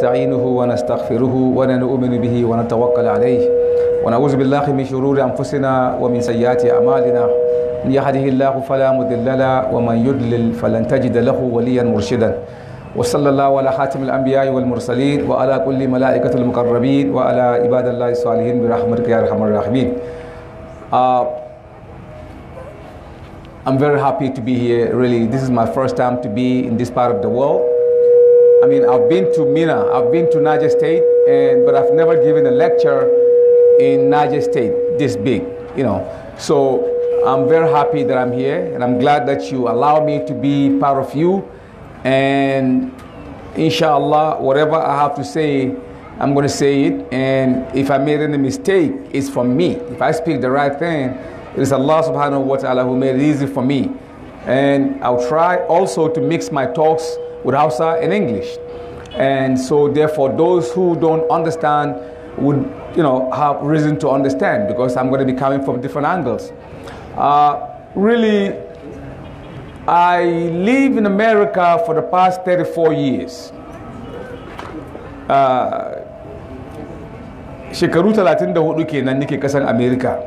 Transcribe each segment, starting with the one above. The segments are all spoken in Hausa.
نستعينه ونستغفره ونؤمن به ونتوكل عليه ونعوذ بالله من شرور أنفسنا ومن سيئات أعمالنا من يهده الله فلا مضل له ومن يضلل فلن تجد له وليا مرشدا وصلى الله على خاتم الأنبياء والمرسلين وعلى كل ملائكة المقربين وعلى عباد الله الصالحين برحمتك يا أرحم الراحمين uh, I'm very happy to be here really this is my first time to be in this part of the world I mean, I've been to Mina, I've been to Niger State, and but I've never given a lecture in Niger State this big, you know. So I'm very happy that I'm here, and I'm glad that you allow me to be part of you. And inshallah, whatever I have to say, I'm going to say it. And if I made any mistake, it's for me. If I speak the right thing, it is Allah subhanahu wa ta'ala who made it easy for me. And I'll try also to mix my talks with Hausa and English. And so, therefore, those who don't understand would, you know, have reason to understand because I'm going to be coming from different angles. Uh, really, I live in America for the past 34 years. Uh, shekaru 34 kenan nake kasan america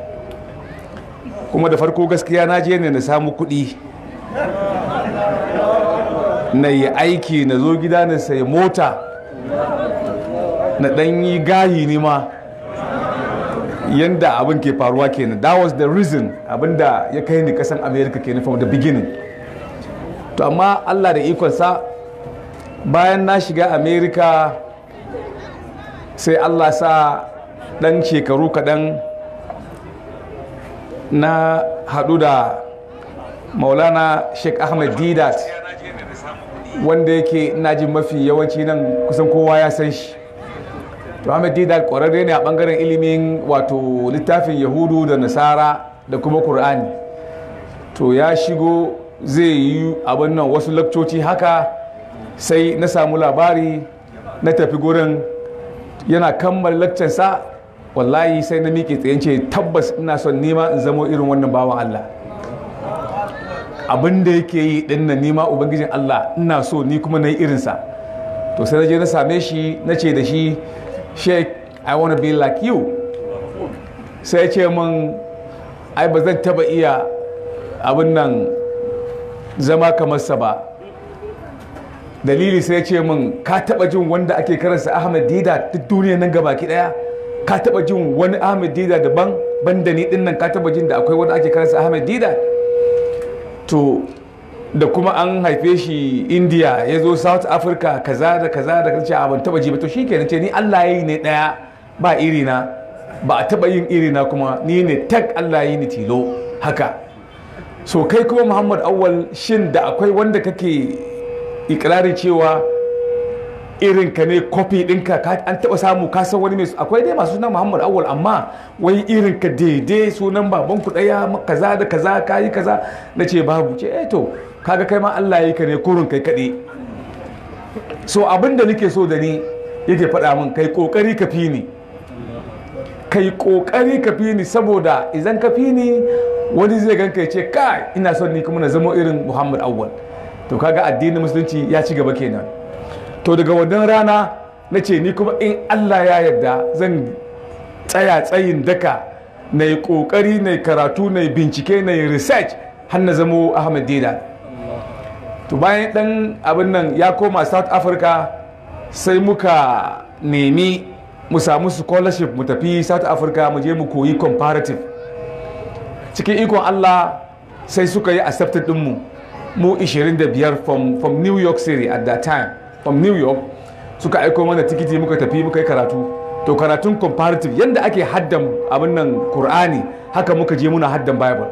kuma da farko gaskiya na je ne na samu kuɗi na yi aiki na zo gida na sai mota na ɗan yi gahi ne ma yadda abin ke faruwa kenan that was the reason abin da ya kai ni kasan america ke from da beginning to amma allah da ikonsa bayan na shiga america sai allah sa ɗan shekaru kaɗan na haɗu da maulana sheikh ahmed didat wanda yake ina jin mafi yawanci nan kusan kowa ya san shi to Ahmed kwararre ne a bangaren ilimin wato littafin Yahudu da Nasara da kuma Kur'ani to ya shigo zai yi abin nan wasu lakcoci haka sai na samu labari na tafi gurin yana kammala sa wallahi sai na miƙe tsayance tabbas ina son nema in zamo irin wannan bawan Allah abin da yake yi din nan nima ubangijin Allah ina so ni kuma na yi irinsa to sai na je na same shi na ce da shi Sheikh i want to be like you sai ce min ai ba zan taba iya abin nan zama kamar sa ba dalili sai ce min ka taba jin wanda ake karansa ahmed dida duk duniya nan gaba ki daya ka taba jin wani ahmed dida daban banda ni din ka taba jin da akwai wanda ake karansa ahmed dida to da kuma an haife shi india ya zo south africa kaza da kaza da kaza a ban taba ji ba to shikenan ce ni allah yi ne daya ba irina ba a taba yin irina kuma ni ne tak allah yi ni tilo haka so kai kuma muhammad awwal shin da akwai wanda kake ikirari cewa irin ka ne kofi ɗinka an taɓa samu kasan wani mai akwai dai masu sunan muhammad awal amma wai irin ka daidai sunan baban ku ɗaya kaza da kaza ka kaza na ce babu ce eh to kaga kai ma allah ya yi ka ne kurin kai kaɗi. so abin da nake so da ni yake faɗa min kai ƙoƙari ka fi ni kai ƙoƙari ka fi ni saboda idan ka fi ni wani zai ganka ya ce kai ina son ni kuma na zama irin muhammad awal to kaga addinin musulunci ya ci gaba kenan to daga wannan rana na ce ni kuma in allah ya yarda zan tsaya tsayin daka na yi ƙoƙari na yi karatu na yi bincike na yi research har na zamo ahmed dida to bayan ɗan abin nan ya koma south africa sai muka nemi mu samu scholarship mu tafi south africa mu je mu koyi comparative cikin ikon allah sai suka yi accepted ɗinmu mu 25 from, from new york city at that time from new york suka aiko mana tikiti muka tafi muka yi karatu to karatun comparative yadda ake haddan abin nan qur'ani haka muka je muna haddan bible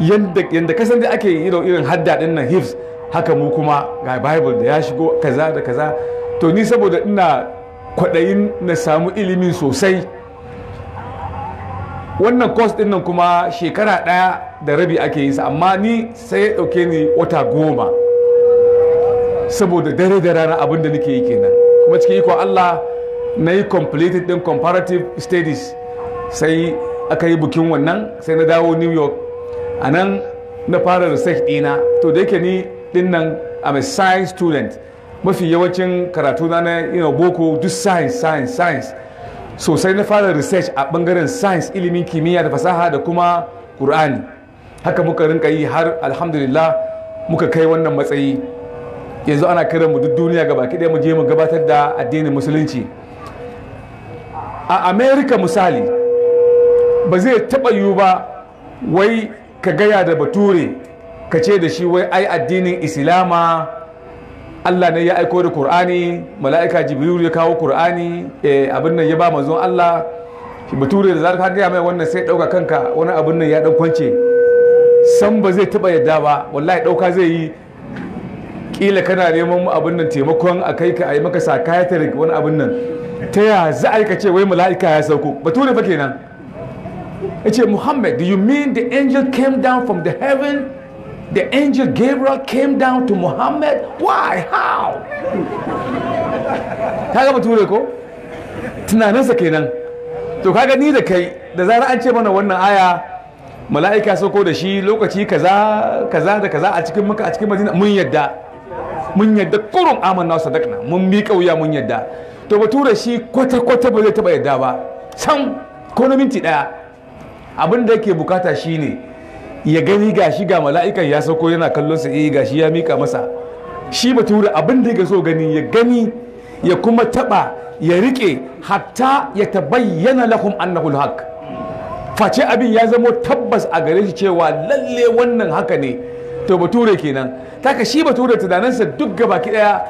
yadda kasan da ake irin hadda din nan hifs haka mu kuma ga bible da ya shigo kaza da kaza to ni saboda ina kwaɗayin na samu ilimin sosai wannan course din nan kuma shekara ɗaya da rabi ake yi sa amma ni sai ya ɗauke ni wata goma saboda dare da rana abin da nake yi kenan kuma cikin iko Allah na yi completed din comparative studies sai aka yi bukin wannan sai na dawo new york a nan na fara research dina to da yake ni din nan i'm a science student mafi yawancin karatu na na boko duk science science science so sai na fara research a bangaren science ilimin kimiyya da fasaha da kuma qur'ani haka muka rinka yi har alhamdulillah muka kai wannan matsayi yanzu ana kiran mu duk duniya ga baki ɗaya mu je mu gabatar da addinin musulunci a Amerika misali ba zai taɓa yiwu ba wai ka gaya da bature ka ce da shi wai ai addinin islama Allah ne ya aiko da Kur'ani mala'ika Jibril ya kawo Kur'ani eh, abin nan ya ba manzon Allah bature da zaka gaya mai wannan sai ɗauka kanka wani abin nan ya ɗan kwance san ba zai taɓa yadda ba wallahi ɗauka zai yi kila kana neman abin nan taimakon a kai ka a yi maka psychiatric wani abin nan ta ya za a yi ka ce wai mala'ika ya sauko bature fa kenan ya ce muhammad do you mean the angel came down from the heaven the angel gabriel came down to muhammad why how ta ga ture ko tunaninsa kenan to kaga ni da kai da zara an ce mana wannan aya mala'ika sauko da shi lokaci kaza kaza da kaza a cikin maka a cikin madina mun yadda mun yadda kurun amanna sadakna mun miƙa wuya mun yadda to bature shi kwata-kwata ba zai taɓa yadda ba can ko na minti ɗaya abin da yake bukata ne ya gani gashi ga mala'ikan ya sauko yana kallon sa eh gashi ya miƙa masa shi bature abin da yake so gani ya gani ya kuma taɓa ya riƙe hatta ya tabayyana lahum annahul haq face abin ya zamo tabbas a gare shi cewa lalle wannan haka ne to bature kenan taka shi bature tunaninsa duk gabaki daya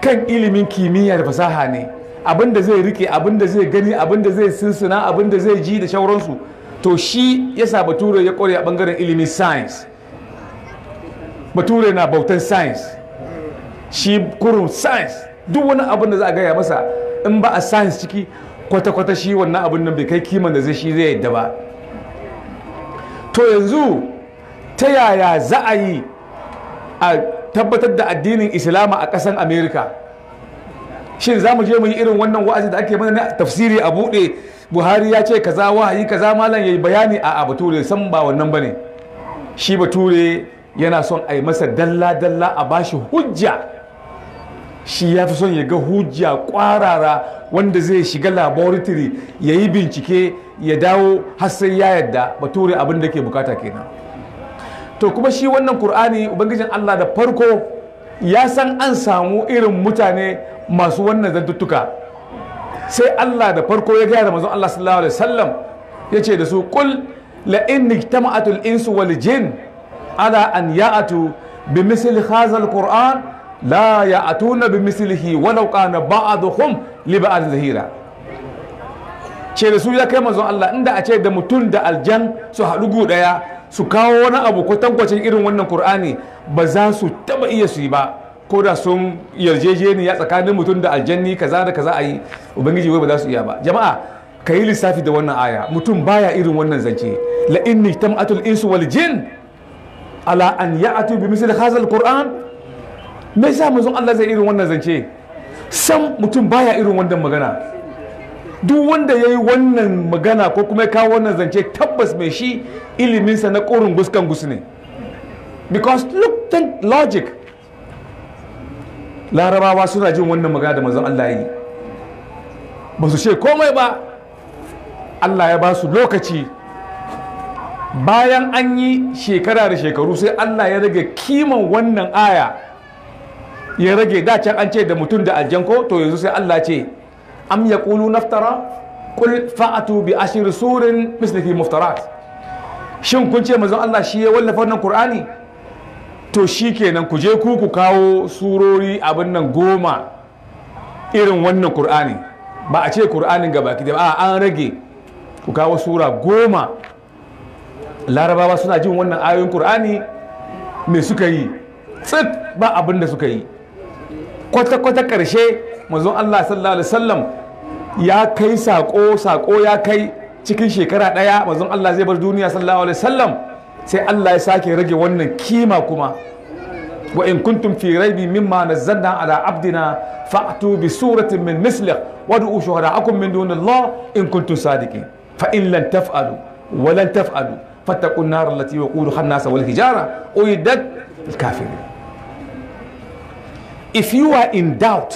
kan ilimin kimiyya da fasaha ne abinda zai rike abinda zai gani abinda zai sinsina abinda zai ji da shauransu to shi ya sa bature ya kware a bangaren ilimin science bature na bautan science shi kurun science duk wani abin da za a gaya masa in ba a science ciki kwata-kwata shi wannan abin nan bai kai kiman da zai shi zai yadda ba to yanzu ta yaya za a yi a tabbatar da addinin islama a ƙasan Amerika? shin za mu je mu yi irin wannan wa'azi da ake mana tafsiri a buɗe buhari ya ce kaza wahayi kaza malam ya yi bayani a bature san ba wannan ba ne. shi bature yana son a yi masa dalla dalla a ba shi hujja shi ya fi son ya ga hujja kwarara wanda zai shiga laboratory ya yi bincike ya dawo har sai ya yadda bature abin da ke bukata kenan to kuma shi wannan Kur'ani ubangijin Allah da farko ya san an samu irin mutane masu wannan zantuttuka sai Allah da farko ya gaya da manzon Allah sallallahu alaihi wasallam ya ce da su kul la inni tama'atul insu wal jin ala an ya'atu bi misli hazal qur'an la ya'atuna bi mislihi walau kana ba'dhum li ba'd zahira ce da su ya kai manzon Allah inda a ce da mutum da aljan su haɗu gu ɗaya su kawo wani abu kwatankwacin irin wannan Kur'ani ba za su taba iya su yi ba ko da sun ya tsakanin mutum da aljanni kaza da kaza a yi ubangiji wai ba za su iya ba jama'a ka yi lissafi da wannan aya mutum baya irin wannan zance la inni tam'atul insu wal jin ala an ya'tu bi misli hazal qur'an me yasa manzon Allah zai irin wannan zance San mutum baya irin wannan magana duk wanda ya yi wannan magana ko kuma ya kawo wannan zance tabbas mai shi iliminsa na ƙorin guskan gusu ne because look think logic larabawa suna jin wannan magana da mazan Allah yi ba su ce komai ba Allah ya ba su lokaci bayan an yi shekara da shekaru sai Allah ya rage kiman wannan aya ya rage can an ce da mutum da aljanko to yanzu sai Allah ce am kulu naftara qul fa'atu bi ashri surin mislihi muftarat shin kun ce manzon Allah shi ya wallafa wannan Qur'ani to shi kenan ku je ku ku kawo surori abin nan goma irin wannan Qur'ani ba a ce Qur'anin gaba ki ba an rage ku kawo sura goma larabawa suna jin wannan ayoyin Qur'ani me suka yi tsit ba abin da suka yi kwata-kwata ƙarshe manzon Allah sallallahu alaihi wasallam ya kai sako sako ya kai cikin shekara ɗaya mazan Allah zai bar duniya sallallahu alaihi wasallam sai Allah ya sake rage wannan kima kuma wa in kuntum fi raibi mimma nazzalna ala abdina fa'tu bi suratin min mislih wad'u shuhada'akum min dunillah in kuntum sadiqin fa in lan taf'alu wa lan taf'alu fattaqun nar allati waquduha an-nas wal hijara uiddat lil kafirin if you are in doubt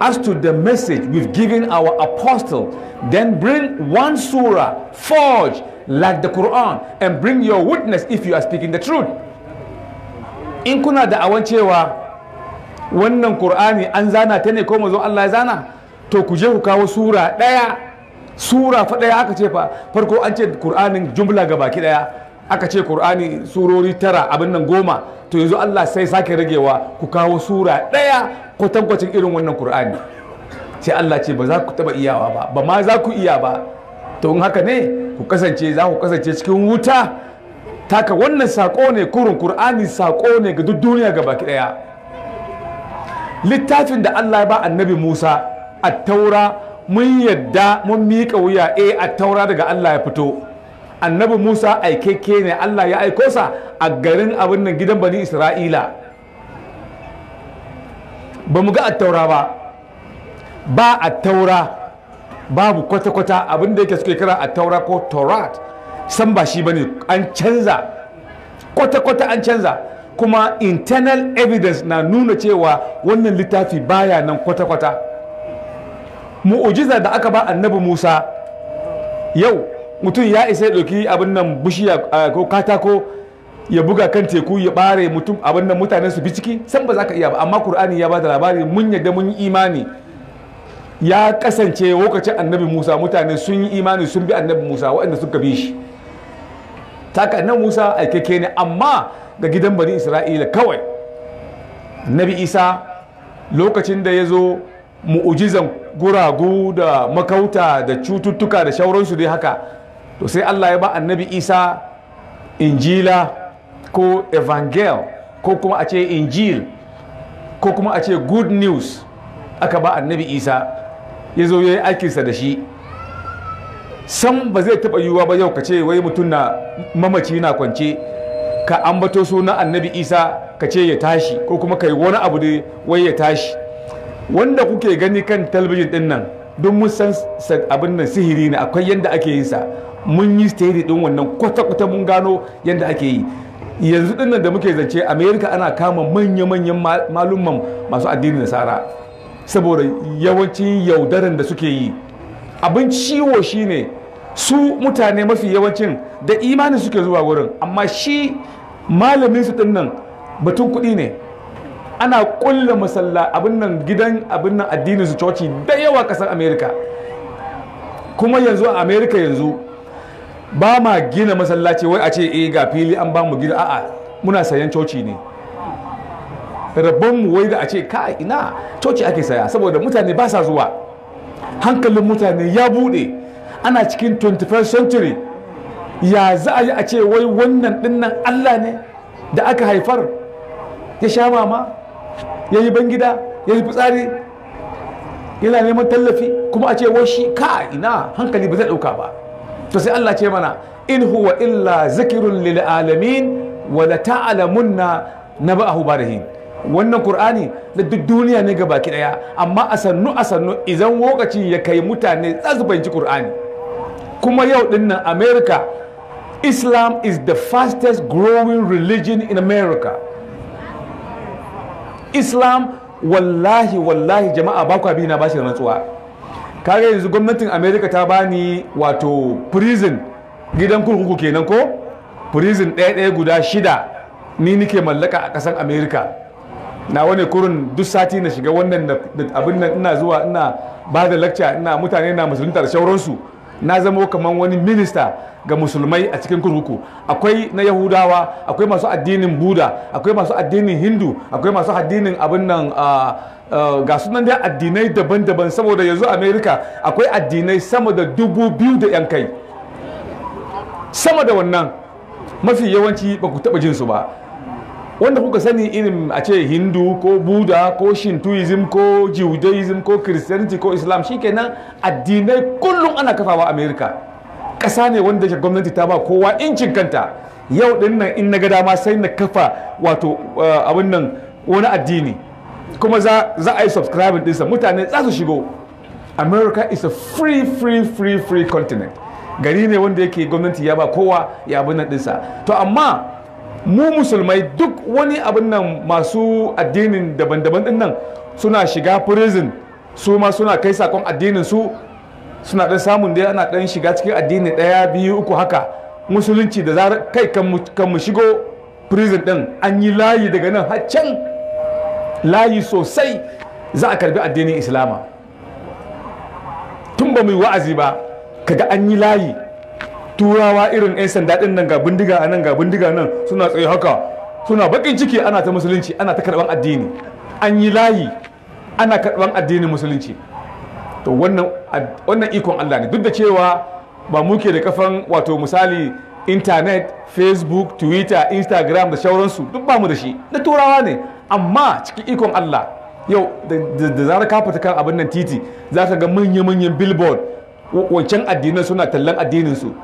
as to the message we've given our apostle, then bring one surah, forge like the Quran, and bring your witness if you are speaking the truth. In kuna da awan cewa wannan Qur'ani an zana ta ne ko mazo Allah ya zana, to ku je ku kawo sura ɗaya, sura fa ɗaya aka ce fa, farko an ce Qur'anin jumla ga baki ɗaya, aka ce Kur'ani surori tara abin nan goma to yanzu Allah sai sake ragewa ku kawo sura ɗaya kwatankwacin irin wannan Kur'ani sai Allah ce ba za ku taba iyawa ba ba ma za ku iya ba to in haka ne ku kasance za ku kasance cikin wuta taka wannan sako ne kurin Kur'ani sako ne ga duk duniya ga baki ɗaya littafin da Allah ya ba annabi Musa a taura mun yadda mun miƙa wuya eh a taura daga Allah ya fito annabi musa aikeke ne allah ya aiko sa a garin abin nan gidan bani isra'ila ba mu ga attaura ba ba attaura babu kwata-kwata abin da yake suke kira attaura ko taurat san ba shi bane an canza kwata-kwata an canza kuma internal evidence na nuna cewa wannan littafi baya nan kwata-kwata mu'ujiza da aka ba annabi musa yau mutum ya isa ya ɗauki abin nan bushiya ko katako ya buga kan teku ya bare mutum abin nan mutane su bi ciki san ba za ka iya ba amma Kur'ani ya ba da labari mun yadda mun yi imani ya kasance lokacin annabi musa mutane sun yi imani sun bi annabi musa waɗanda suka bi shi taka annabi musa aikake ne amma ga gidan bani isra'ila kawai annabi isa lokacin da ya zo mu'ujizan guragu da makauta da cututtuka da shauransu dai haka to sai Allah ya ba annabi Isa injila ko evangel ko kuma a ce injil ko kuma a ce good news aka ba annabi Isa ya zo ya yi aikinsa da shi san ba zai taɓa yiwuwa ba yau ka ce wai mutum na mamaci na kwance ka ambato sunan annabi isa ka ce ya tashi ko kuma ka yi wani abu da wai ya tashi wanda kuke gani kan talabijin din nan don mun san abin nan sihiri ne akwai yadda ake yin sa mun yi steady din wannan kwata-kwata mun gano yadda ake yi yanzu dinnan da muke zance Amerika ana kama manya-manyan malumman masu addinin nasara saboda yawancin yaudaran da suke yi abin ciwo shine su mutane mafi yawancin da imanin suke zuwa wurin amma shi malamin su dinnan batun kuɗi ne ana kulla masalla abin nan gidan abin nan addinin su coci da yawa ƙasar Amerika. kuma yanzu a Amerika yanzu ba ma gina masallaci wai a ce eh ga fili an ba mu gina a'a muna sayan coci ne rabonmu wai da a ce ka ina coci ake saya saboda mutane ba sa zuwa hankalin mutane ya bude ana cikin 21st century ya za a yi a ce wai wannan dinnan Allah ne da aka haifar ya sha mama ya yi bangida ya yi fitsari yana neman tallafi kuma a ce wai shi ka ina hankali ba zai dauka ba to sai Allah ce mana in huwa illa zikirun lil alamin wa la ta'lamunna naba'ahu barihin wannan qur'ani da duk duniya ne ga baki daya amma asannu asannu a idan lokaci ya kai mutane za su qur'ani kuma yau din nan America Islam is the fastest growing religion in America Islam wallahi wallahi jama'a ba ku abi na da rantsuwa kaga yanzu gwamnatin america ta bani wato prison gidan kurkuku kenan ko prison ɗaya ɗaya guda shida ni nike mallaka a ƙasar america na wani kurin duk sati na shiga wannan abin nan ina zuwa ina ba da lecture ina mutane na musulunta da shauransu na zama kamar wani minista ga musulmai a cikin kurkuku akwai na yahudawa akwai masu addinin buda akwai masu addinin hindu akwai masu addinin abin nan ga sunan da addinai daban-daban saboda yanzu america akwai addinai sama da dubu biyu da yan kai sama da wannan mafi yawanci ba ku taɓa jinsu ba wanda kuka sani irin a ce hindu ko buda ko Shintuism ko judaism ko christianity ko islam shikenan addinai kullum ana kafawa america ƙasa ne wanda gwamnati ta ba kowa incin kanta yau din nan in na ga dama sai na kafa wato eh, abin nan wani addini kuma za a yi subscribing ɗinsa mutane za su shigo america is a free free free free continent gari ne wanda yake gwamnati ya ba kowa ya abin nan ɗinsa to amma mu musulmai duk wani abin nan masu addinin daban-daban ɗin nan suna shiga prison su ma suna kai sakon addinin su suna dan samun dai ana dan shiga cikin addini daya biyu uku haka musulunci da zarar kai kan mu shigo prison din an yi layi daga nan har can layi sosai za a karbi addinin islama tun ba mu yi wa'azi ba kaga an yi layi turawa irin 'yan sanda din nan ga bindiga nan ga bindiga nan suna tsaye haka suna bakin ciki ana ta musulunci ana ta karban addini an yi layi ana karban addinin musulunci to wannan ikon Allah ne duk da cewa ba muke da kafan wato misali intanet facebook twitter instagram da shauransu duk ba mu da shi na turawa ne amma cikin ikon Allah yau da zarar ka fita kan abin nan titi za ka ga manya-manyan billboard wancan addinan suna tallan addininsu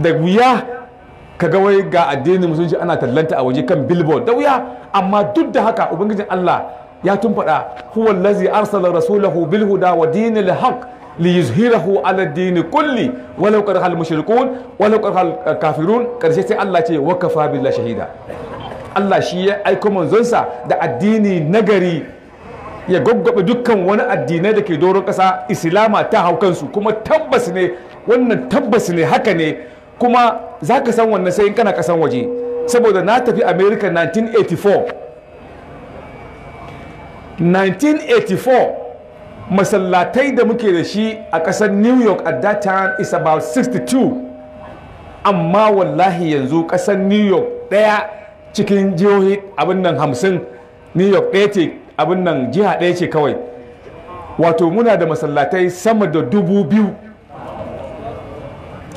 da wuya ka ga wai ga addinin musulunci ana tallanta a waje kan billboard da wuya amma duk da haka ubangijin Allah ya tun faɗa huwa lazi arsala rasulahu bil huda wa dinil li liyuzhirahu ala dini kulli walau karha al mushrikun walau karha al kafirun karshe sai Allah ce wa kafa billahi shahida Allah shi ya aiko manzonsa da addini nagari ya gwaggwabe dukkan wani addinai da ke doron ƙasa islama ta hau kansu kuma tabbas ne wannan tabbas ne haka ne kuma za ka san wannan sai in kana ƙasan waje saboda na tafi america 1984 1984 masallatai da muke da shi a ƙasar new york at that time is about 62 amma wallahi yanzu ƙasar new york ɗaya cikin jihohi abin nan hamsin new york ɗaya ce abin nan jiha ɗaya ce kawai wato muna da masallatai sama da dubu biyu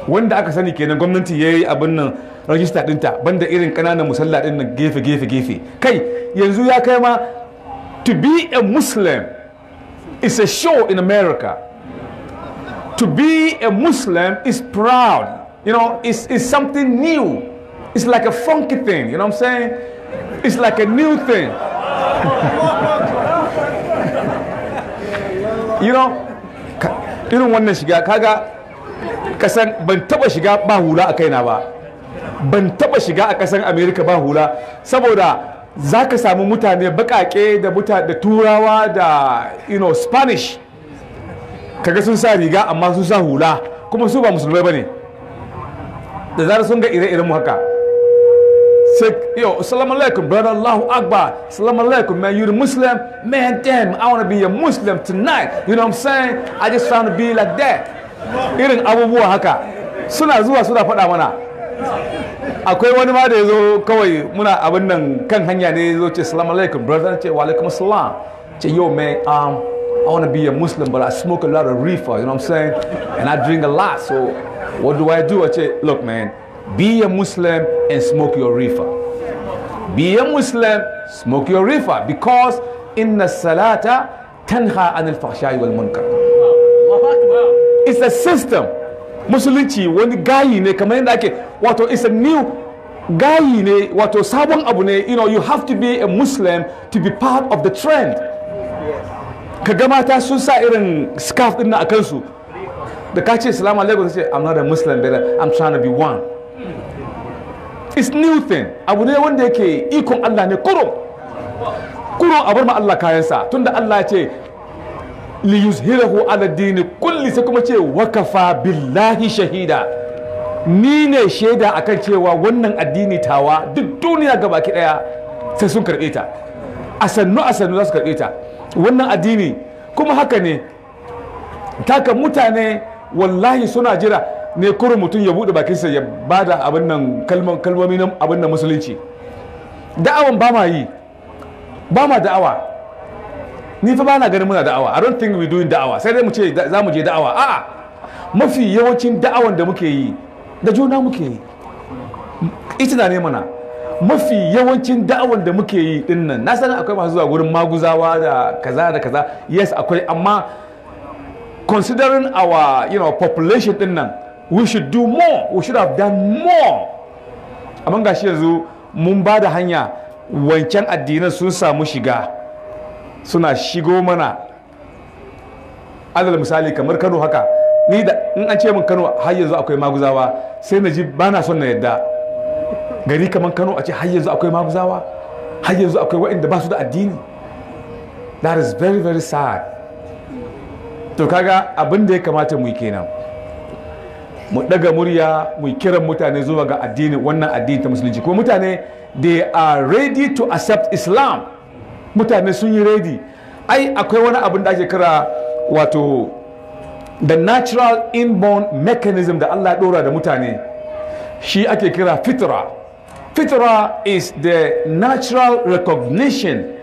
wanda aka sani kenan gwamnati ya yi abin nan rajista ɗinta banda irin ƙananan musalla ɗin nan gefe gefe gefe kai yanzu ya kai ma To be a Muslim is a show in America. To be a Muslim is proud. You know, it's, it's something new. It's like a funky thing, you know what I'm saying? It's like a new thing. you know, irin wannan shiga kaga kasan ban taba shiga ba hula a kaina ba ban taba shiga a kasan america ba hula saboda za ka samu mutane bakake da mutane da turawa da you know spanish kaga sun sa riga amma sun sa hula kuma su ba musulmai ba ne da zara sun ga ire-iren mu haka sai yo assalamu alaikum brother allahu akbar assalamu alaikum man you're muslim man damn i want to be a muslim tonight you know what i'm saying i just want to be like that irin abubuwa haka suna zuwa suna faɗa mana akwai wani ma da kawai muna abin nan kan hanya ne ce alaikum brother ce wa alaikum ce yo man um, I want to be a Muslim but I smoke a lot of reefer you know what I'm saying and I drink a lot so what do I do I say look man be a Muslim and smoke your reefer be a Muslim smoke your reefer because in salata tanha anil fahsha'i wal munkar it's a system musulunci wani gayi ne kamar yadda ake wato is a new gayi ne wato sabon abu ne you know you have to be a muslim to be part of the trend ka ga mata sun sa irin scarf din na a kansu da ka ce salamu alaikum sai i'm not a muslim but i'm trying to be one it's new thing abu ne wanda yake ikon Allah ne kurum kurum a bar ma Allah kayansa tunda Allah ya ce liyuzhirahu ala dini kulli sai kuma ce wakafa billahi shahida ni ne shaida a kan cewa wannan addini tawa duk duniya ga baki daya sai sun karbe ta a sannu a sannu za su karbe ta wannan addini kuma haka ne taka mutane wallahi suna jira ne kurin mutum ya bude sa ya bada abin nan kalmomi abin nan musulunci da'awan ba ma yi ba ma da'awa ni fa bana ganin muna da'awa i don't think we doing da'awa sai dai mu ce za mu je da'awa a'a mafi yawancin da'awan da muke yi da juna muke yi ita ne mana mafi yawancin da'awan da muke yi din nan na sanin akwai masu zuwa gurin maguzawa da kaza da kaza yes akwai amma considering our you know population din nan we should do more we should have done more amma gashi yanzu mun ba da hanya wancan addinan sun samu shiga suna shigo mana adal misali kamar kano haka ni da in an ce min kano har yanzu akwai maguzawa sai na ji ba na son na yadda gari kamar kano a ce har yanzu akwai maguzawa har yanzu akwai waɗanda ba su da addini that is very very sad to kaga abin da ya kamata mu yi kenan mu daga murya mu kiran mutane zuwa ga addini wannan addini ta musulunci kuma mutane they are ready to accept islam mutane sun yi redi ai akwai wani abin da ake kira wato the natural inborn mechanism da Allah ya dora da mutane shi ake kira fitra fitra is the natural recognition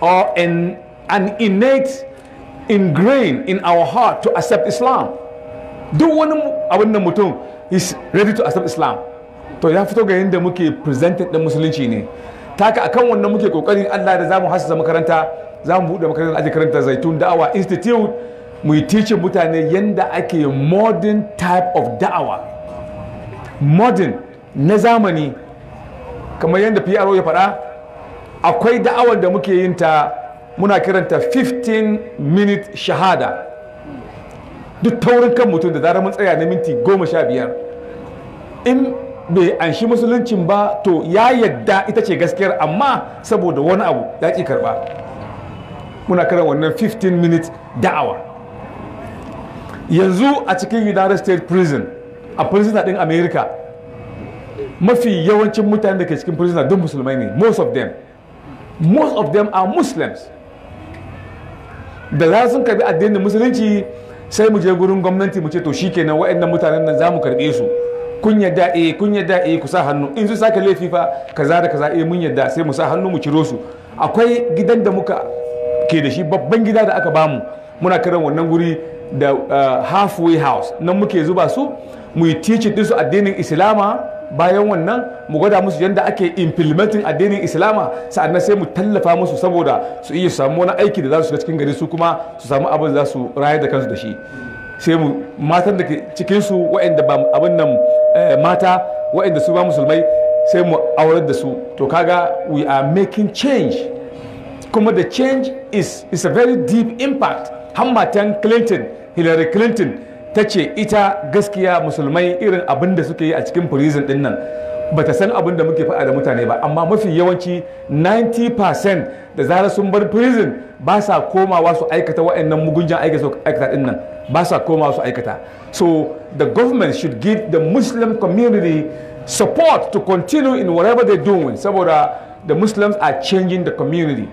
or an, an innate ingrained in our heart to accept Islam duk wani abin da mutum is ready to accept Islam to ya fito ga yadda muke presented da musulunci ne taka akan wannan muke kokarin Allah da zamu hasasa makaranta zamu bude makarantar aji karanta zaitun da'awa institute mu yi teaching mutane yanda ake modern type of da'awa modern na zamani kamar yadda PRO ya faɗa akwai da'awar da muke yin ta muna kiranta 15 minute shahada duk taurin kan mutum da zarar mun tsaya na minti goma sha biyar in bai anshi musuluncin ba to ya yadda ita ce gaskiyar amma saboda wani abu ya ƙi karɓa muna karan wannan 15 minutes da'awa yanzu a cikin united states prison a prison ɗin america mafi yawancin mutane da ke cikin prison duk musulmai ne most of them most of them are muslims da za sun karbi addinin musulunci sai mu je gurin gwamnati mu ce to shikenan waɗannan mutanen nan za mu karɓe su kun yadda eh kun yadda eh ku sa hannu in su saka laifi fa kaza da kaza eh mun yadda sai mu sa hannu mu ciro su akwai gidan da muka ke da shi babban gida da aka bamu muna karan wannan guri da eh, halfway house nan muke zuba su mu yi teaching din su addinin islama bayan wannan mu gwada musu yadda ake implementing addinin islama sa'annan sai mu tallafa musu saboda su iya samu wani aiki da za su shiga cikin gari su kuma su samu abin da za su rayar da kansu da shi sai mu matan da ke cikinsu waɗanda ba abin nan Eh, mata waɗanda su ba musulmai sai mu aurar da su to kaga we are making change kuma the change is, is a very deep impact har matan clinton hillary clinton ta ce ita gaskiya musulmai irin abin da suke yi a cikin prison din nan bata san abin da muke faɗa da mutane ba amma mafi yawanci 90% da zarar sun bar prison ba sa komawa su aikata waɗannan mugunjan aikata din nan ba sa komawa su aikata so the government should give the muslim community support to continue in whatever they're doing saboda the muslims are changing the community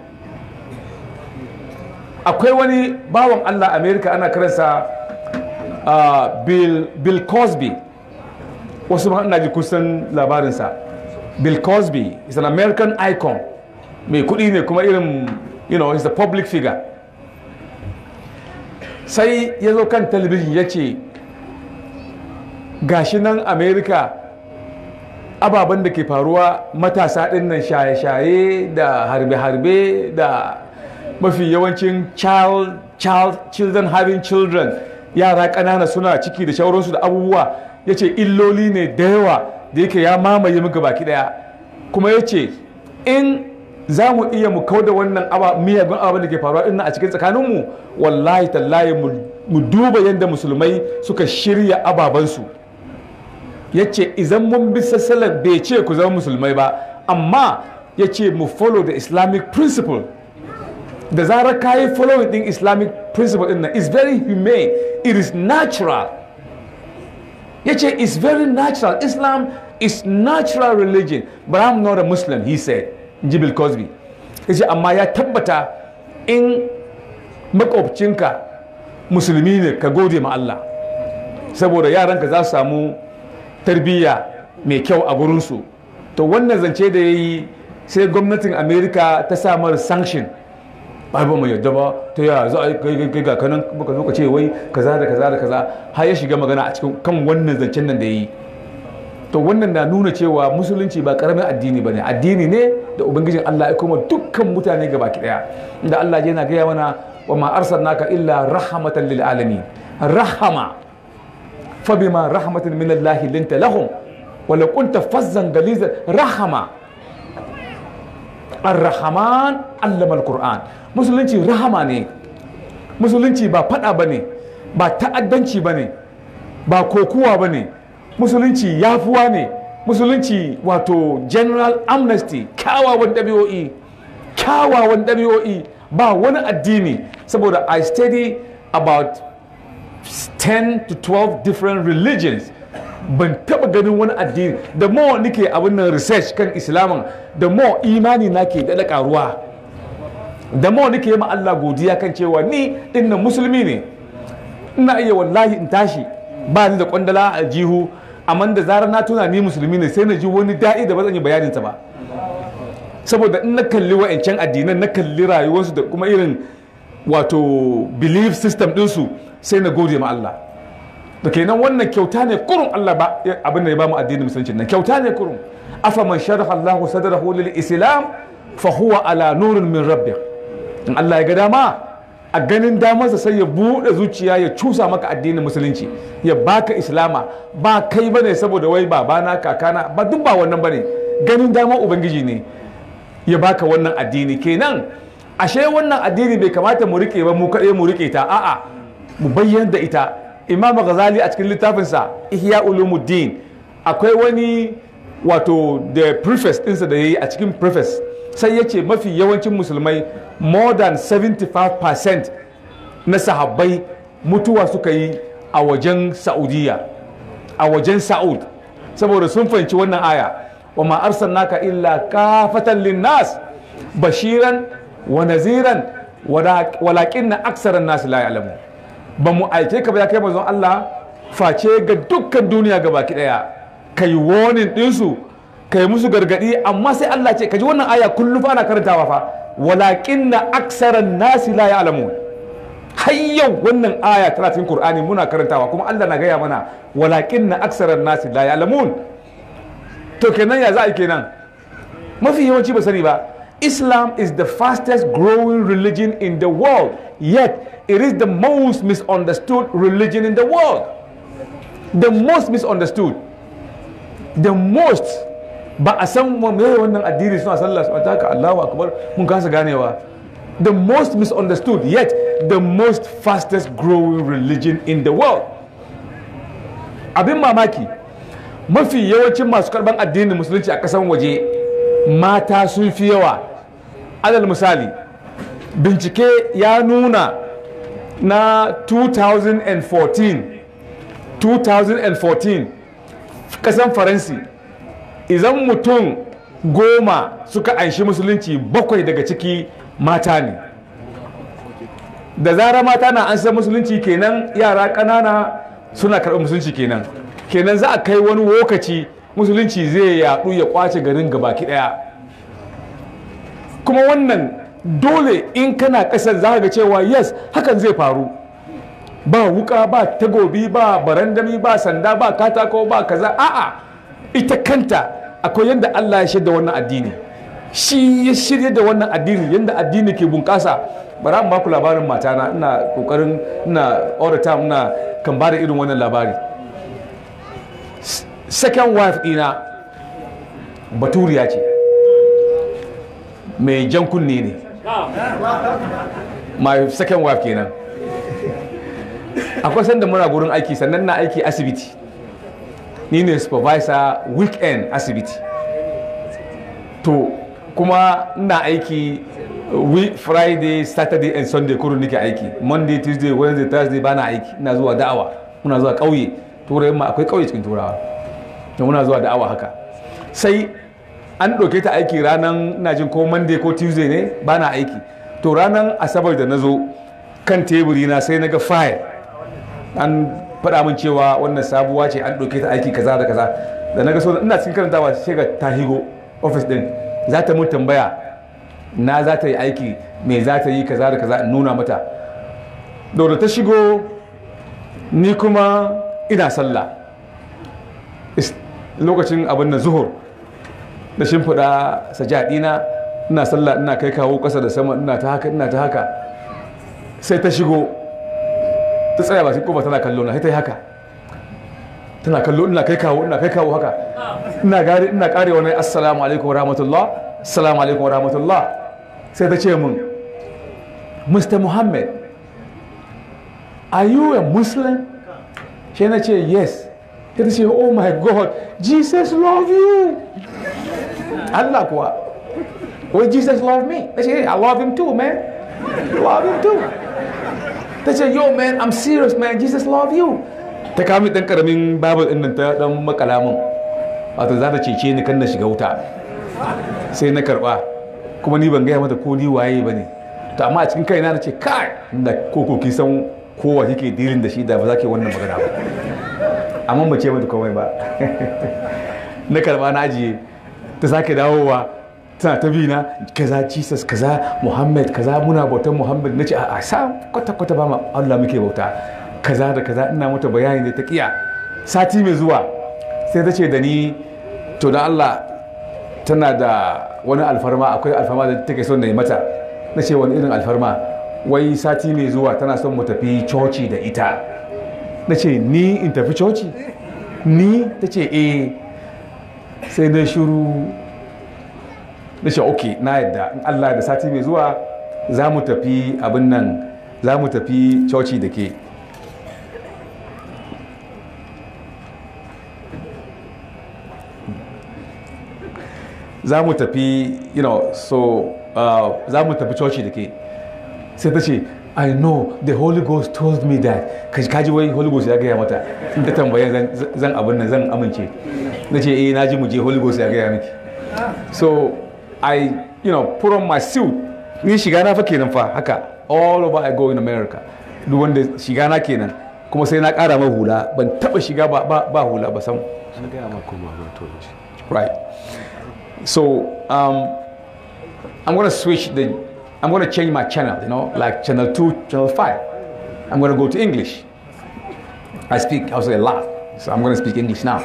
akwai wani bawan allah america ana karansa uh, bill, bill cosby wasu ma ina ji kusan labarinsa bill cosby is an american icon mai kuɗi ne kuma irin you know he's a public figure sai ya zo kan talabijin ya ce gashi nan america ababen da ke faruwa matasa ɗin nan shaye-shaye da harbe-harbe da mafi yawancin child, child children having children yara ƙanana suna ciki da shauransu da abubuwa ya ce illoli ne da yawa da yake ya mamaye muka baki daya kuma ya ce in za mu iya mu kau da wannan miyagun abin da ke faruwa ina a cikin tsakaninmu wallahi tallahi mu duba yadda musulmai suka shirya ababansu ya ce idan mun bi sassalar bai ce ku zama musulmai ba amma ya ce mu follow the islamic principle da zarar ka yi following din islamic principle din is very humane it is natural ya ce it's very natural islam is natural religion but i'm not a muslim he said jibil cosby ya ce amma ya tabbata in makwabcinka musulmi ne ka gode ma Allah saboda yaranka za su samu tarbiyya mai kyau a gurinsu to wannan zance da ya yi sai gwamnatin america ta samar sanction babu ba mu yadda ba ta yaya za a yi kai kai ga kanan zo ka ce wai kaza da kaza da kaza har ya shiga magana a cikin kan wannan zancen nan da ya yi to wannan na nuna cewa musulunci ba karamin addini bane addini ne da ubangijin Allah ya kuma dukkan mutane gaba ki daya inda Allah yana gaya mana wa ma arsalnaka illa rahmatan lil alamin rahama fa bima rahmatin min Allah linta lahum wa law kunta fazzan galizan rahama الرحمن علم القرآن musulunci rahama ne musulunci ba fada ba ne ba ta'addanci ba ne ba kokuwa ba ne musulunci yafuwa ne musulunci wato general amnesty kyawawan ɗabi'o'i kyawawan ɗabi'o'i ba wani addini saboda i study about 10 to 12 different religions ban taba ganin wani addini da more nike abin nan research kan islamin da more imani na ke daɗa ƙaruwa da mawa nake yi ma Allah godiya kan cewa ni dinnan musulmi ne ina iya wallahi in tashi ba ni da kwandala a jihu amma da zarar na tuna ni musulmi ne sai na ji wani da'i da ba zan yi bayanin ta ba saboda in na kalli wa'ancan addinan na kalli rayuwarsu da kuma irin wato belief system ɗinsu sai na gode ma Allah da kenan wannan kyauta ne kurun Allah ba abin da ya ba mu addinin musulunci nan kyauta ne kurun afa man sharaha Allahu sadrahu lil islam fa huwa ala nurin min rabbih in Allah ya ga dama a ganin damarsa sai ya buɗe zuciya ya cusa maka addinin musulunci ya baka islama ba kai ba ne saboda wai babana kakana ba duk ba wannan ne. ganin damar ubangiji ne ya baka wannan addini kenan ashe wannan addini bai kamata mu rike ba mu kaɗai mu rike ta a'a mu bayyana da ita imam ghazali a cikin littafinsa ihya ulumuddin akwai wani wato da preface ɗinsa da ya yi a cikin preface sai ya ce mafi yawancin musulmai more than 75% na sahabbai mutuwa suka yi a wajen saudiya a wajen sa'ud saboda sun fahimci wannan aya wa ma naka illa kafatan linnas bashiran wa naziran na aksaran nasu layi a'lamu. ba mu aike ka ya kai mazan Allah face ga dukkan duniya ga baki daya kai warning dinsu ka yi musu gargaɗi amma sai Allah ce kaji wannan aya kullum fa ana karantawa fa walakinna aksaran nasi la ya'lamu har yau wannan aya tana cikin Qur'ani muna karantawa kuma Allah na gaya mana walakinna aksaran nasi la ya'lamu to kenan ya zaa kenan mafi yawanci ba sani ba Islam is the fastest growing religion in the world yet it is the most misunderstood religion in the world the most misunderstood the most ba a san me wannan addini suna sallah suna taka Allahu akbar mun kasa ganewa the most misunderstood yet the most fastest growing religion in the world abin mamaki mafi yawancin masu karban addinin musulunci a kasan waje mata sun fi yawa alal misali bincike ya nuna na 2014 2014 kasan faransi Izan mutum goma suka anshi musulunci bakwai daga ciki mata ne da zara mata na an san musulunci kenan yara ƙanana suna karɓar musulunci kenan kenan za a kai wani lokaci musulunci zai yaɗu ya kwace garin gabaki ɗaya kuma wannan dole in kana ƙasar za ga cewa yes hakan zai faru ba wuka ba tagobi ba barandami ba sanda ba katako ba kaza a'a ita kanta akwai yadda Allah ya shirya wannan addini shi ya shirya da wannan addini yadda addini ke bunƙasa bara ba ku labarin matana ina kokarin ina all the time ina kan ba da irin wannan labari second wife dina baturiya ce mai jan kunne ne my second wife kenan akwai sanda muna gurin aiki sannan na aiki asibiti ni ne supervisor weekend asibiti to kuma ina aiki uh, friday saturday and sunday kurun nake aiki monday tuesday wednesday thursday ba na aiki ina zuwa da'awa muna zuwa ƙauye turai ma akwai ƙauye cikin turawa to muna zuwa da'awa haka sai an ɗauke ta aiki ranar ina jin ko monday ko tuesday ne ba na aiki to ranar asabar da na zo kan teburi na sai na ga fayil an faɗa min cewa wannan sabuwa ce an ɗauke ta aiki kaza da kaza da na ga sauran ina cikin karantawa sai ga ta higo ofis ɗin za ta mun tambaya na za ta yi aiki mai za ta yi kaza da kaza in nuna mata da ta shigo ni kuma ina sallah lokacin abin na zuhur da shimfiɗa na, ina sallah ina kai kawo ƙasa da sama ina ta haka ina ta haka sai ta shigo ta tsaya ba sai kofa tana kallo na sai ta yi haka tana kallo ina kai kawo ina kai kawo haka ina gari ina kare wani assalamu alaikum wa rahmatullah assalamu alaikum wa rahmatullah sai ta ce min Mr. Muhammad are you a Muslim She na ce yes sai ta ce oh my god Jesus love you Allah kuwa wai Jesus love me Ta ce I love him too man love him too ta ce yo man i'm serious man jesus love you ta kami dan karamin babul din nan ta dan makala min wato za ta cece ni kan na shiga wuta sai na karba kuma ni ban gaya mata ko ni waye ba ne to amma a cikin kaina na ce kai da koko ki san kowa kike dilin da shi da ba za ki wannan magana ba amma ba ce mata komai ba na karba na ajiye ta sake dawowa tana ta bi na kaza jesus kaza muhammad kaza muna bautan muhammad na ce a sa kwata kwata ba ma allah muke bauta kaza da kaza ina mata bayani ne ta kiya sati mai zuwa sai ta ce da ni to da allah tana da wani alfarma akwai alfarma da take son na yi mata na ce wani irin alfarma wai sati mai zuwa tana son mu tafi coci da ita na ce ni in tafi coci ni ta ce eh sai na shiru na ce ok na yadda in allah da sati mai zuwa za mu tafi abin nan za mu tafi coci da ke za mu tafi you know so uh, za mu tafi coci da ke sai ta ce i know the holy ghost told me that kaji wai holy ghost ya gaya mata in ta tambaye zan abin nan zan amince na ce eh na ji mu je holy ghost ya gaya miki so I, you know, put on my suit. Ni shiga na fa kenan fa haka. All over I go in America. Duk wanda shiga na kenan. Kuma sai na ƙara mai hula ban taɓa shiga ba ba hula ba ma kuma ba to Right. So um, I'm gonna switch the I'm going to change my channel, you know, like channel 2, channel 5. I'm going to go to English. I speak also a lot, so I'm going to speak English now.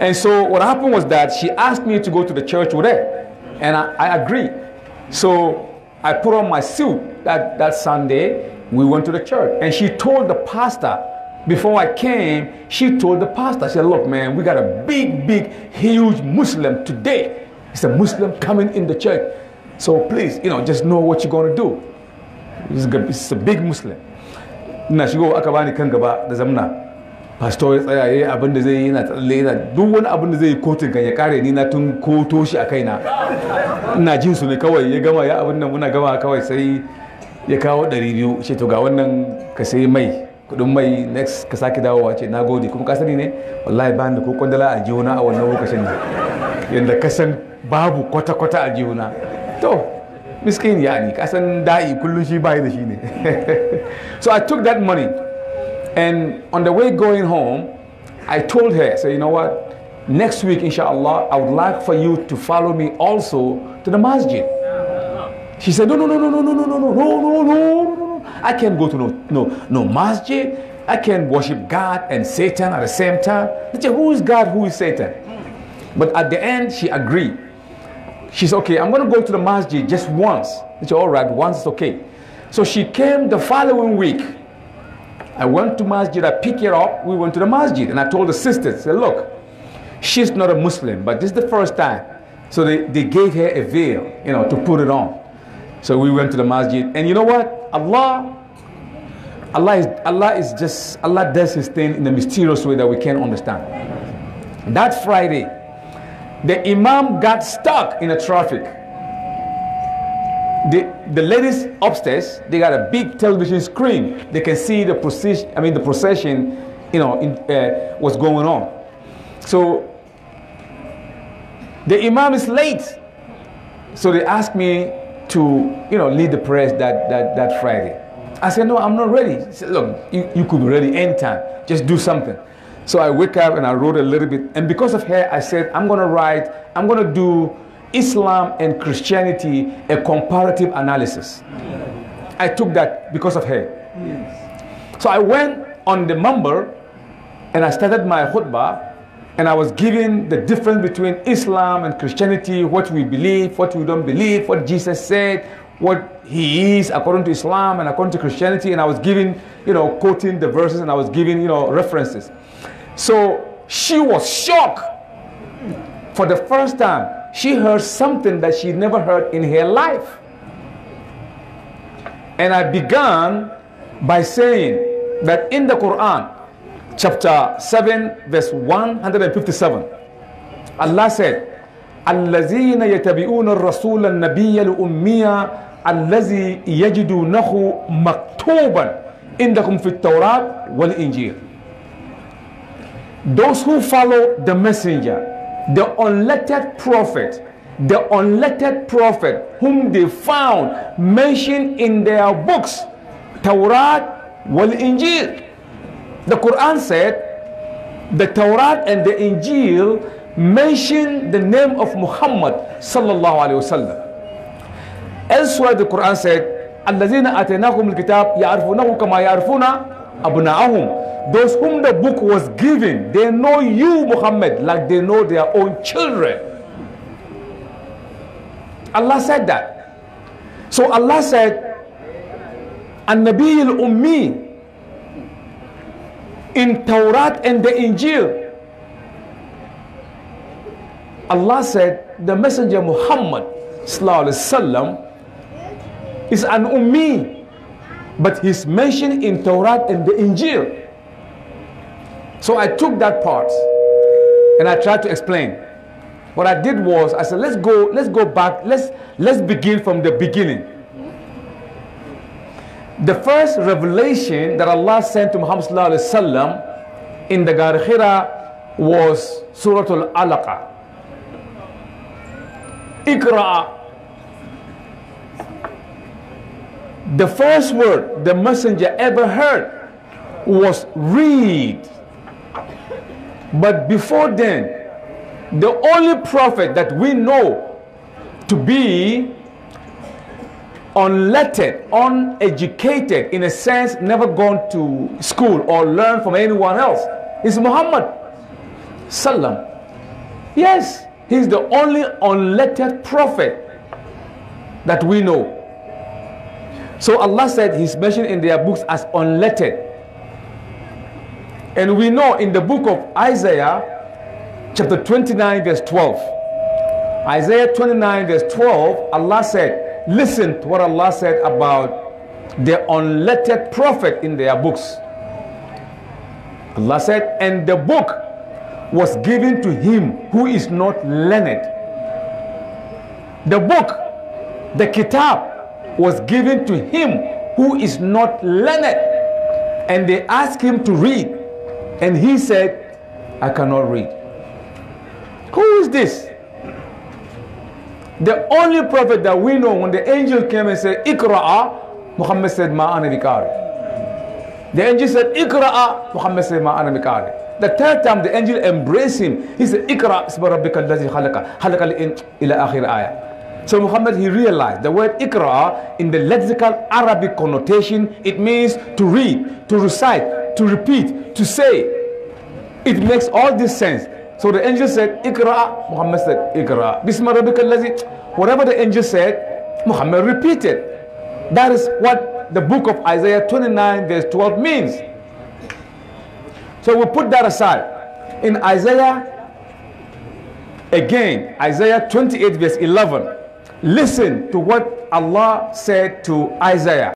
And so what happened was that she asked me to go to the church with her. And I, I agree. So I put on my suit that, that Sunday. We went to the church. And she told the pastor, before I came, she told the pastor, she said, Look, man, we got a big, big, huge Muslim today. It's a Muslim coming in the church. So please, you know, just know what you're going to do. It's a big Muslim. Now she go akabani kan gaba da zamna pastor ya tsaya yayi abin da zai yi yana tsalle yana duk wani abin da zai yi kotun kan ya kare ni na tun koto shi a kaina ina jin su ne kawai ya gama ya abin nan muna gama kawai sai ya kawo ɗari biyu ce to ga wannan ka sai mai kudin mai next ka sake dawowa ce na gode kuma ka sani ne wallahi ba da ko kwandala a jihuna a wannan lokacin ne yadda ka san babu kwata-kwata a jihuna to miskin ya ne ka san da'i kullum shi bayi da shi ne so i took that money And on the way going home, I told her, I said, you know what? Next week, inshallah, I would like for you to follow me also to the masjid. She said, no, no, no, no, no, no, no, no, no, no, no, no. I can't go to no, no, no masjid. I can't worship God and Satan at the same time. said, who is God? Who is Satan? But at the end, she agreed. She said, okay, I'm going to go to the masjid just once. I said, all right, once is okay. So she came the following week. I went to masjid, I picked her up, we went to the masjid. And I told the sisters, said, look, she's not a Muslim, but this is the first time. So they, they gave her a veil, you know, to put it on. So we went to the masjid. And you know what? Allah, Allah is, Allah is just, Allah does his thing in a mysterious way that we can't understand. That Friday, the Imam got stuck in the traffic. The, the ladies upstairs, they got a big television screen. They can see the procession, I mean the procession, you know, in, uh, what's going on. So the imam is late. So they asked me to, you know, lead the prayers that, that, that Friday. I said, no, I'm not ready. He said, look, you, you could be ready anytime. Just do something. So I wake up and I wrote a little bit. And because of her, I said, I'm going to write, I'm going to do Islam and Christianity a comparative analysis. I took that because of her. Yes. So I went on the member and I started my khutbah and I was giving the difference between Islam and Christianity, what we believe, what we don't believe, what Jesus said, what he is according to Islam and according to Christianity. And I was giving, you know, quoting the verses and I was giving, you know, references. So she was shocked for the first time she heard something that she never heard in her life. And I began by saying that in the Quran, chapter 7, verse 157, Allah said, الذين يتبعون الرسول النبي الأمية الذي يجدونه مكتوبا عندكم في التوراة والإنجيل Those who follow the messenger the unlettered prophet, the unlettered prophet whom they found mentioned in their books, Taurat wal Injil. The Quran said the Taurat and the Injil mention the name of Muhammad sallallahu alaihi wasallam. Elsewhere the Quran said, الذين آتيناهم الكتاب يعرفونه كما يعرفون أبناءهم Those whom the book was given, they know you, Muhammad, like they know their own children. Allah said that. So Allah said, and Nabi al Ummi in Taurat and the Injil. Allah said, the Messenger Muhammad وسلم, is an Ummi, but he's mentioned in Taurat and the Injil. So I took that part and I tried to explain. What I did was I said, let's go, let's go back, let's let's begin from the beginning. The first revelation that Allah sent to Muhammad وسلم, in the Garhira was Surah Al Alaqa. The first word the messenger ever heard was read. But before then, the only prophet that we know to be unlettered, uneducated, in a sense, never gone to school or learned from anyone else, is Muhammad. Sallam. Yes, he's the only unlettered prophet that we know. So Allah said he's mentioned in their books as unlettered. And we know in the book of Isaiah, chapter 29, verse 12, Isaiah 29, verse 12, Allah said, Listen to what Allah said about the unlettered prophet in their books. Allah said, And the book was given to him who is not learned. The book, the kitab, was given to him who is not learned. And they asked him to read. And he said, I cannot read. Who is this? The only prophet that we know when the angel came and said, Ikra'a, Muhammad said, Ma'ana bikari. The angel said, Ikra'a, Muhammad said, Ma'ana bikari. The third time the angel embraced him. He said, Ikra, Isma Lazi Halaka, Halaka ila akhir ayah. So Muhammad, he realized the word "ikraa" in the lexical Arabic connotation, it means to read, to recite, to repeat, to say. It makes all this sense. So the angel said, Ikra. Muhammad said, Ikra. Bismillah Whatever the angel said, Muhammad repeated. That is what the book of Isaiah 29, verse 12 means. So we put that aside. In Isaiah, again, Isaiah 28, verse 11, listen to what Allah said to Isaiah.